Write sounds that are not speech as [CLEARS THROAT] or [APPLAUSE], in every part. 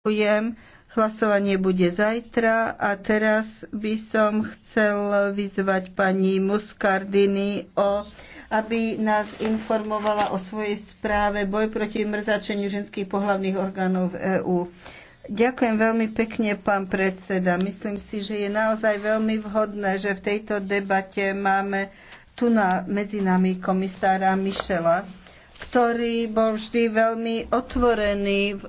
Ďakujem. Hlasovanie bude zajtra a teraz by som chcel vyzvať pani Muscardini, o, aby nás informovala o svojej správe Boj proti mrzačeniu ženských pohľavných orgánov v EÚ. Ďakujem veľmi pekne, pán predseda. Myslím si, že je naozaj veľmi vhodné, že v tejto debate máme tu na, medzi nami komisára Mišela, ktorý bol vždy veľmi otvorený v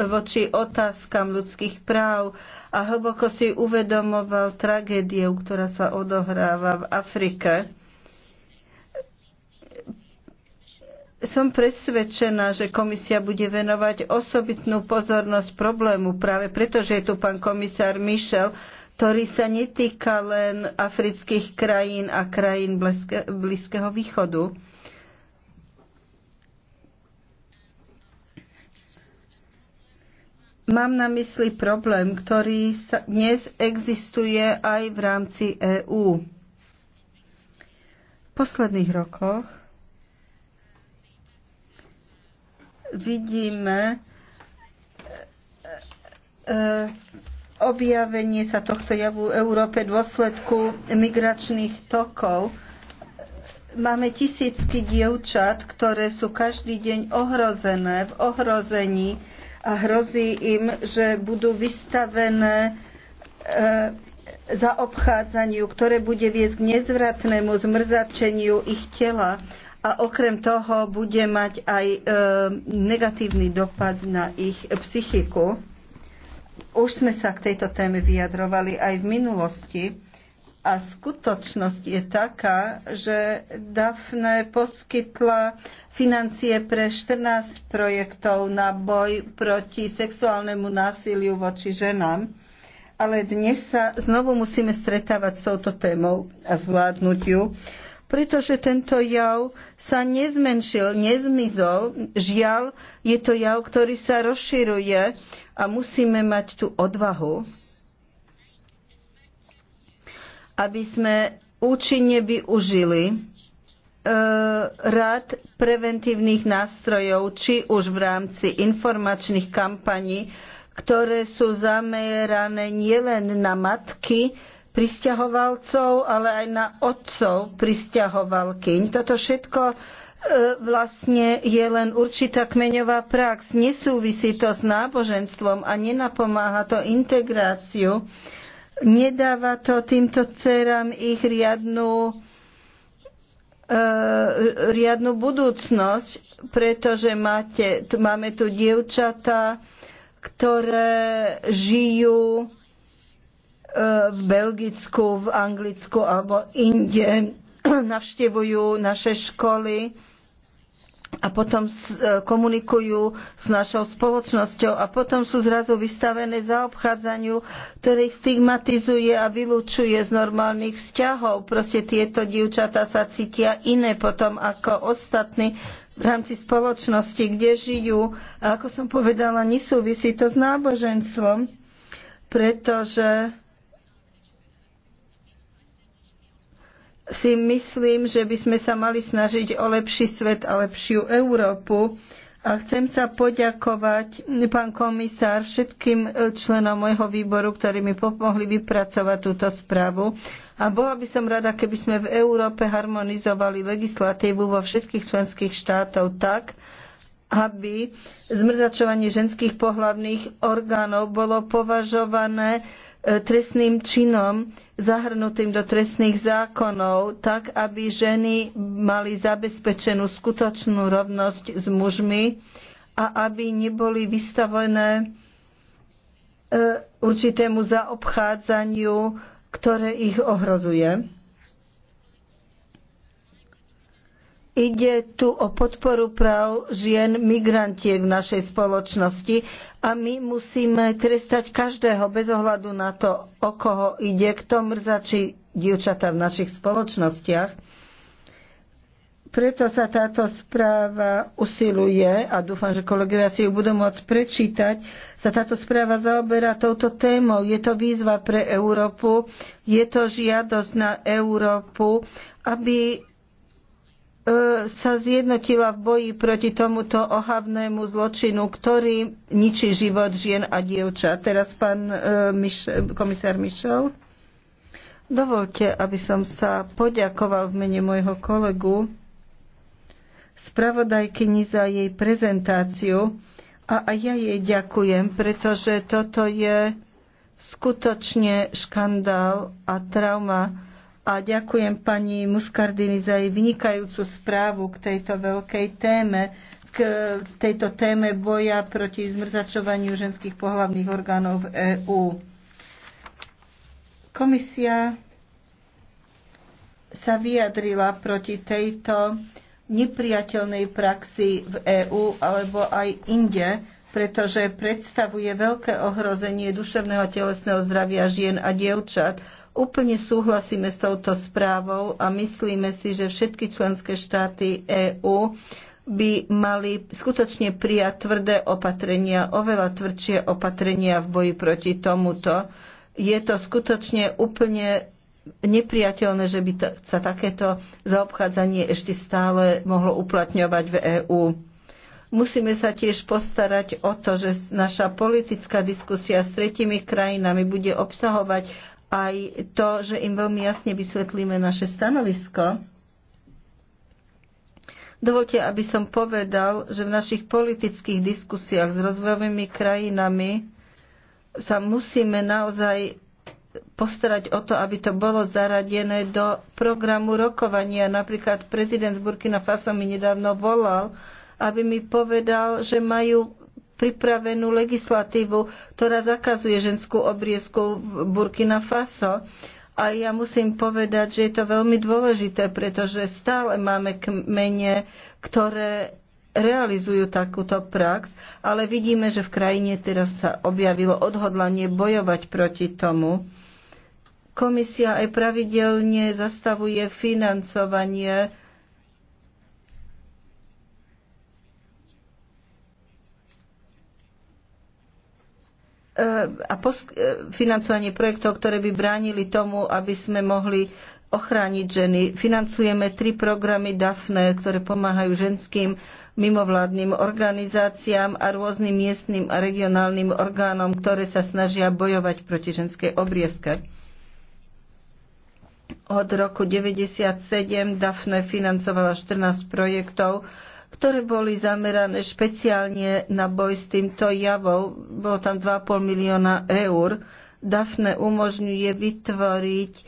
voči otázkam ľudských práv a hlboko si uvedomoval tragédiu, ktorá sa odohráva v Afrike. Som presvedčená, že komisia bude venovať osobitnú pozornosť problému práve preto, že je tu pán komisár Michel, ktorý sa netýka len afrických krajín a krajín Blízkeho východu Mám na mysli problém, ktorý sa dnes existuje aj v rámci EÚ. V posledných rokoch vidíme e, e, objavenie sa tohto javu v Európe v dôsledku migračných tokov. Máme tisícky dievčat, ktoré sú každý deň ohrozené, v ohrození, a hrozí im, že budú vystavené e, obchádzaniu, ktoré bude viesť k nezvratnému zmrzačeniu ich tela a okrem toho bude mať aj e, negatívny dopad na ich psychiku. Už sme sa k tejto téme vyjadrovali aj v minulosti. A skutočnosť je taká, že Dafne poskytla financie pre 14 projektov na boj proti sexuálnemu násiliu voči ženám. Ale dnes sa znovu musíme stretávať s touto témou a zvládnuť ju, pretože tento jav sa nezmenšil, nezmizol. Žiaľ, je to jav, ktorý sa rozširuje a musíme mať tú odvahu aby sme účinne využili e, rad preventívnych nástrojov, či už v rámci informačných kampaní, ktoré sú zamerané nielen na matky pristahovalcov, ale aj na otcov pristahovalkyň. Toto všetko e, vlastne je len určitá kmeňová prax. Nesúvisí to s náboženstvom a nenapomáha to integráciu Nedáva to týmto dcerám ich riadnu e, riadnu budúcnosť, pretože máte, máme tu dievčatá, ktoré žijú e, v Belgicku, v Anglicku alebo inde, [CLEARS THROAT] navštevujú naše školy a potom e, komunikujú s našou spoločnosťou a potom sú zrazu vystavené zaobchádzaniu, ktoré ich stigmatizuje a vylúčuje z normálnych vzťahov. Proste tieto dievčatá sa cítia iné potom ako ostatní v rámci spoločnosti, kde žijú. A ako som povedala, nesúvisí to s náboženstvom, pretože si myslím, že by sme sa mali snažiť o lepší svet a lepšiu Európu. A chcem sa poďakovať, pán komisár, všetkým členom môjho výboru, ktorí mi pomohli vypracovať túto správu. A bola by som rada, keby sme v Európe harmonizovali legislatívu vo všetkých členských štátov tak, aby zmrzačovanie ženských pohlavných orgánov bolo považované E, trestným činom zahrnutým do trestných zákonov, tak aby ženy mali zabezpečenú skutočnú rovnosť s mužmi a aby neboli vystavené e, určitému zaobchádzaniu, ktoré ich ohrozuje. Ide tu o podporu práv žien migrantiek v našej spoločnosti a my musíme trestať každého bez ohľadu na to, o koho ide, kto mrzačí dievčatá v našich spoločnostiach. Preto sa táto správa usiluje a dúfam, že kolegovia si ju budú môcť prečítať. Sa táto správa zaoberá touto témou. Je to výzva pre Európu, je to žiadosť na Európu, aby E, sa zjednotila v boji proti tomuto ohavnému zločinu, ktorý ničí život žien a dievča. Teraz pán e, komisár Michel. Dovolte, aby som sa poďakoval v mene môjho kolegu spravodajkyni za jej prezentáciu a aj ja jej ďakujem, pretože toto je skutočne škandál a trauma, a ďakujem pani Muscardini za jej vynikajúcu správu k tejto veľkej téme, k tejto téme boja proti zmrzačovaniu ženských pohlavných orgánov v EÚ. Komisia sa vyjadrila proti tejto nepriateľnej praxi v EÚ alebo aj inde, pretože predstavuje veľké ohrozenie duševného a telesného zdravia žien a dievčat Úplne súhlasíme s touto správou a myslíme si, že všetky členské štáty EÚ by mali skutočne prijať tvrdé opatrenia, oveľa tvrdšie opatrenia v boji proti tomuto. Je to skutočne úplne nepriateľné, že by sa takéto zaobchádzanie ešte stále mohlo uplatňovať v EÚ. Musíme sa tiež postarať o to, že naša politická diskusia s tretimi krajinami bude obsahovať aj to, že im veľmi jasne vysvetlíme naše stanovisko. Dovolte, aby som povedal, že v našich politických diskusiách s rozvojovými krajinami sa musíme naozaj postarať o to, aby to bolo zaradené do programu rokovania. Napríklad prezident z Burkina Faso mi nedávno volal, aby mi povedal, že majú pripravenú legislatívu, ktorá zakazuje ženskú obriezku v Burkina Faso. A ja musím povedať, že je to veľmi dôležité, pretože stále máme kmene, ktoré realizujú takúto prax, ale vidíme, že v krajine teraz sa objavilo odhodlanie bojovať proti tomu. Komisia aj pravidelne zastavuje financovanie E, a e, financovanie projektov, ktoré by bránili tomu, aby sme mohli ochrániť ženy. Financujeme tri programy DAFNE, ktoré pomáhajú ženským mimovládnym organizáciám a rôznym miestnym a regionálnym orgánom, ktoré sa snažia bojovať proti ženskej obriezke. Od roku 1997 DAFNE financovala 14 projektov, ktoré boli zamerané špeciálne na boj s týmto javou. Bolo tam 2,5 milióna eur. DAFNE umožňuje vytvoriť e,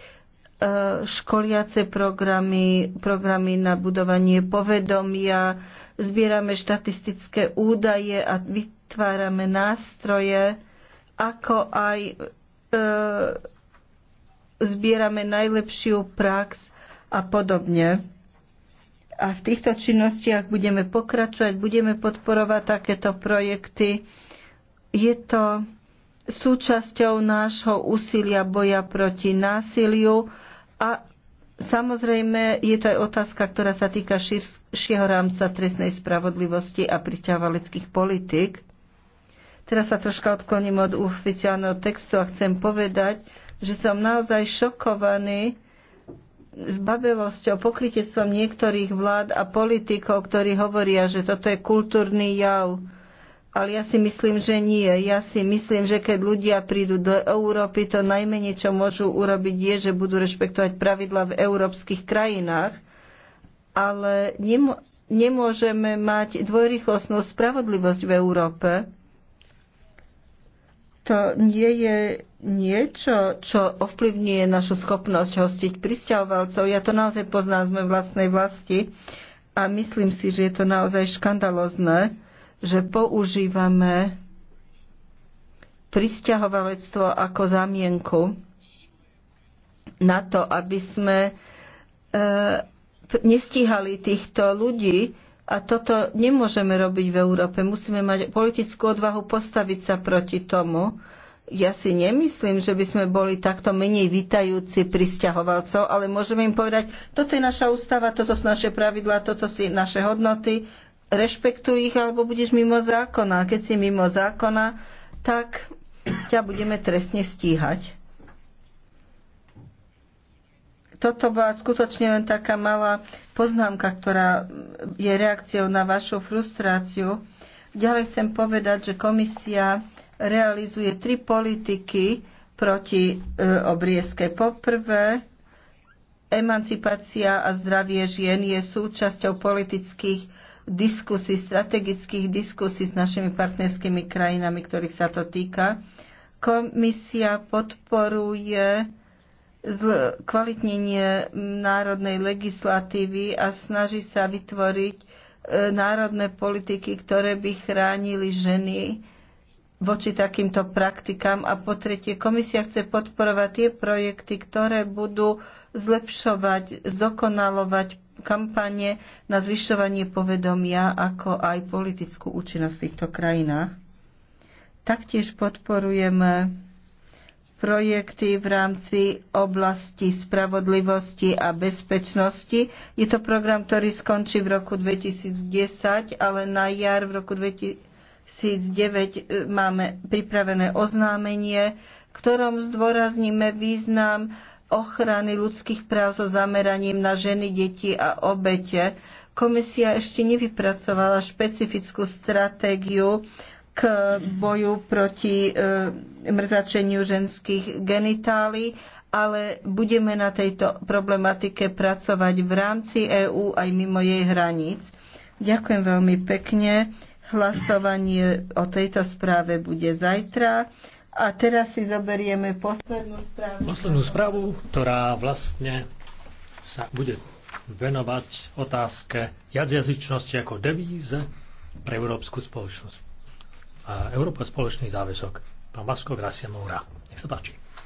školiace programy, programy na budovanie povedomia, zbierame štatistické údaje a vytvárame nástroje, ako aj e, zbierame najlepšiu prax a podobne. A v týchto činnostiach budeme pokračovať, budeme podporovať takéto projekty. Je to súčasťou nášho úsilia boja proti násiliu a samozrejme je to aj otázka, ktorá sa týka širšieho rámca trestnej spravodlivosti a pristahovaleckých politik. Teraz sa troška odkloním od oficiálneho textu a chcem povedať, že som naozaj šokovaný, zbabelosťou, pokritectvom niektorých vlád a politikov, ktorí hovoria, že toto je kultúrny jav. Ale ja si myslím, že nie. Ja si myslím, že keď ľudia prídu do Európy, to najmenej, čo môžu urobiť, je, že budú rešpektovať pravidla v európskych krajinách. Ale nemôžeme mať dvojrychlostnú spravodlivosť v Európe to nie je niečo, čo ovplyvňuje našu schopnosť hostiť pristahovalcov. Ja to naozaj poznám z mojej vlastnej vlasti a myslím si, že je to naozaj škandalozne, že používame pristahovalectvo ako zamienku na to, aby sme e, nestíhali týchto ľudí, a toto nemôžeme robiť v Európe. Musíme mať politickú odvahu postaviť sa proti tomu. Ja si nemyslím, že by sme boli takto menej vytajúci pristahovalcov, ale môžeme im povedať, toto je naša ústava, toto sú naše pravidlá, toto sú naše hodnoty, rešpektuj ich, alebo budeš mimo zákona. A keď si mimo zákona, tak ťa budeme trestne stíhať. Toto bola skutočne len taká malá poznámka, ktorá je reakciou na vašu frustráciu. Ďalej chcem povedať, že komisia realizuje tri politiky proti e, obriezke. Poprvé, emancipácia a zdravie žien je súčasťou politických diskusí, strategických diskusí s našimi partnerskými krajinami, ktorých sa to týka. Komisia podporuje kvalitnenie národnej legislatívy a snaží sa vytvoriť e, národné politiky, ktoré by chránili ženy voči takýmto praktikám. A po tretie, komisia chce podporovať tie projekty, ktoré budú zlepšovať, zdokonalovať kampane na zvyšovanie povedomia, ako aj politickú účinnosť v týchto krajinách. Taktiež podporujeme projekty v rámci oblasti spravodlivosti a bezpečnosti. Je to program, ktorý skončí v roku 2010, ale na jar v roku 2009 e, máme pripravené oznámenie, v ktorom zdôrazníme význam ochrany ľudských práv so zameraním na ženy, deti a obete. Komisia ešte nevypracovala špecifickú stratégiu k boju proti e, mrzačeniu ženských genitálií, ale budeme na tejto problematike pracovať v rámci EÚ aj mimo jej hraníc. Ďakujem veľmi pekne. Hlasovanie o tejto správe bude zajtra. A teraz si zoberieme poslednú správu. Poslednú správu, ktorá vlastne sa bude venovať otázke jazyčnosti ako devíze pre európsku spoločnosť a Európa spoločný záväzok. Pán Vasko Gracia Moura. Nech sa páči.